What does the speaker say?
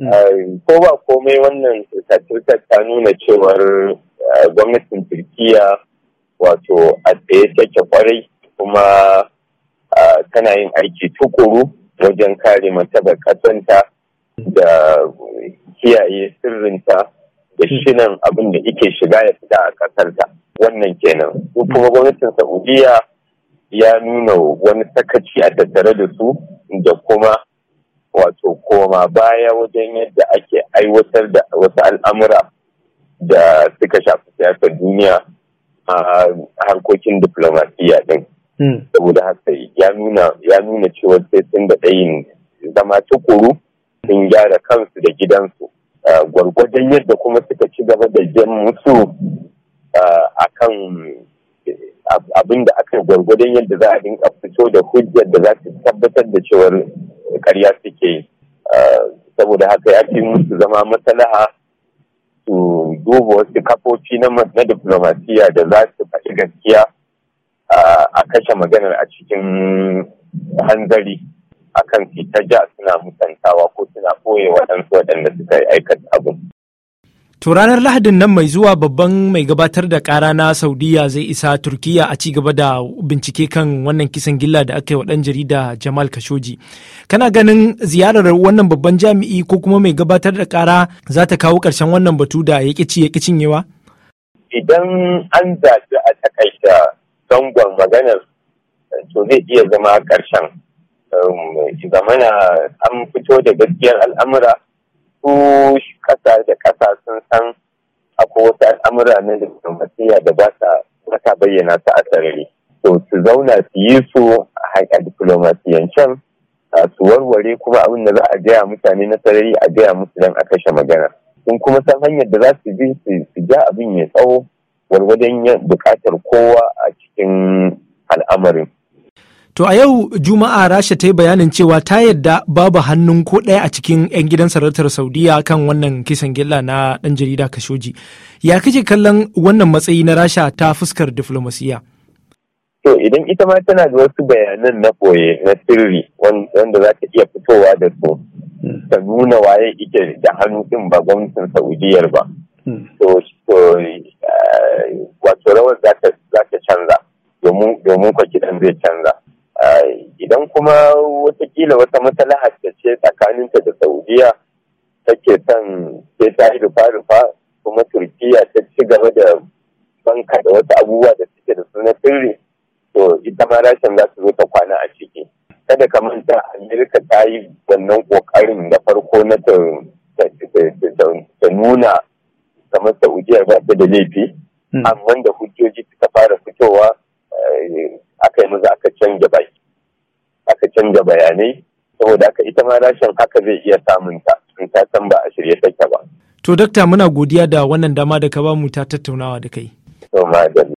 Mm. ko ba komai wannan turka ta nuna cewar gwamnatin turkiya wato a tsaye take kwarai kuma tana yin aiki tukuru wajen kare martabar kasanta da kiyaye sirrinta da mm. shinan abin da ike shiga ya fita a kasarta wannan kenan kuma gwamnatin saudiya ya nuna wani sakaci a tattare da su da kuma su koma baya wajen yadda ake aiwatar da wasu al'amura da suka shafi siyasar duniya a harkokin diplomasiya din. Hmm. Saboda haka ya nuna cewa sai sun da ɗayin zama tukuru sun gyara kansu da gidansu. Gwargwadon yadda kuma suka ci gaba da jan musu a kan abin da aka gwargwadon yadda za a dinka fito da hujjar da za su tabbatar da cewar karya suke yi saboda haka ya fi musu zama maslaha su duba wasu kafofi na diplomasiya da za su faɗi gaskiya a kashe maganar a cikin hanzari akan fita ja suna mutantawa ko suna ɓoye waɗansu waɗanda suka yi aikata abin. To ranar Lahadin nan mai zuwa babban mai gabatar da kara na Saudiya zai isa Turkiya a ci gaba da bincike kan wannan kisan gilla da aka yi wa ɗan jarida Jamal Khashoggi. Kana ganin ziyarar wannan babban jami'i ko kuma mai gabatar da kara za ta kawo ƙarshen wannan batu da ya ya cinyewa? Idan an zaɓi a takaita zangon maganar to zai iya zama ƙarshen. Ehm, zamana an fito da gaskiyar al'amura su kasa da kasa sun san akwai wasu al'amura na diplomatiya da ba ta bayyana su a sarari to su zauna su yi su a diplomasiyancen su warware kuma abin da za a gaya mutane na sarari a gaya musu don a kashe magana sun kuma san hanyar da za su bi su ja abin ya tsawo warwaden bukatar kowa a cikin al'amarin To a yau Juma'a Rasha ta yi bayanin cewa ta yadda babu hannun ko ɗaya a cikin 'yan gidan sarautar Saudiya kan wannan kisan gilla na ɗan jarida Kashoji. Ya kake kallon wannan matsayi na Rasha ta fuskar diflomasiya? To idan ita ma tana da wasu bayanan na boye na sirri wanda za ta iya fitowa da su ta nuna waye ita da hannu ɗin ba gwamnatin Saudiyar ba. Hmm. To eh, wato rawar za ta canza domin kwa kiɗan zai canza. idan kuma watakila wata matsala ce tsakaninta da saudiya take son sai ta yi rufa-rufa kuma turkiya ta ci gaba da banka da wasu abubuwa da suke da suna sirri to ita ma rashin za su zo ta kwana a ciki kada ka manta amerika ta yi wannan kokarin na farko na ta nuna kamar saudiya ba ta da laifi hmm. amma da hujjoji suka fara fitowa eh, aka yi maza aka canja baki canza bayanai saboda haka ita ma rashin haka zai iya samun ta in ta san ba a shirye take ba. To dakta muna godiya da wannan dama da ka bamu ta tattaunawa da kai. To